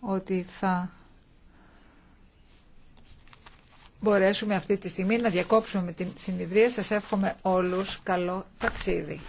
ότι θα μπορέσουμε αυτή τη στιγμή να διακόψουμε την συνειδρία. Σας εύχομαι όλους καλό ταξίδι.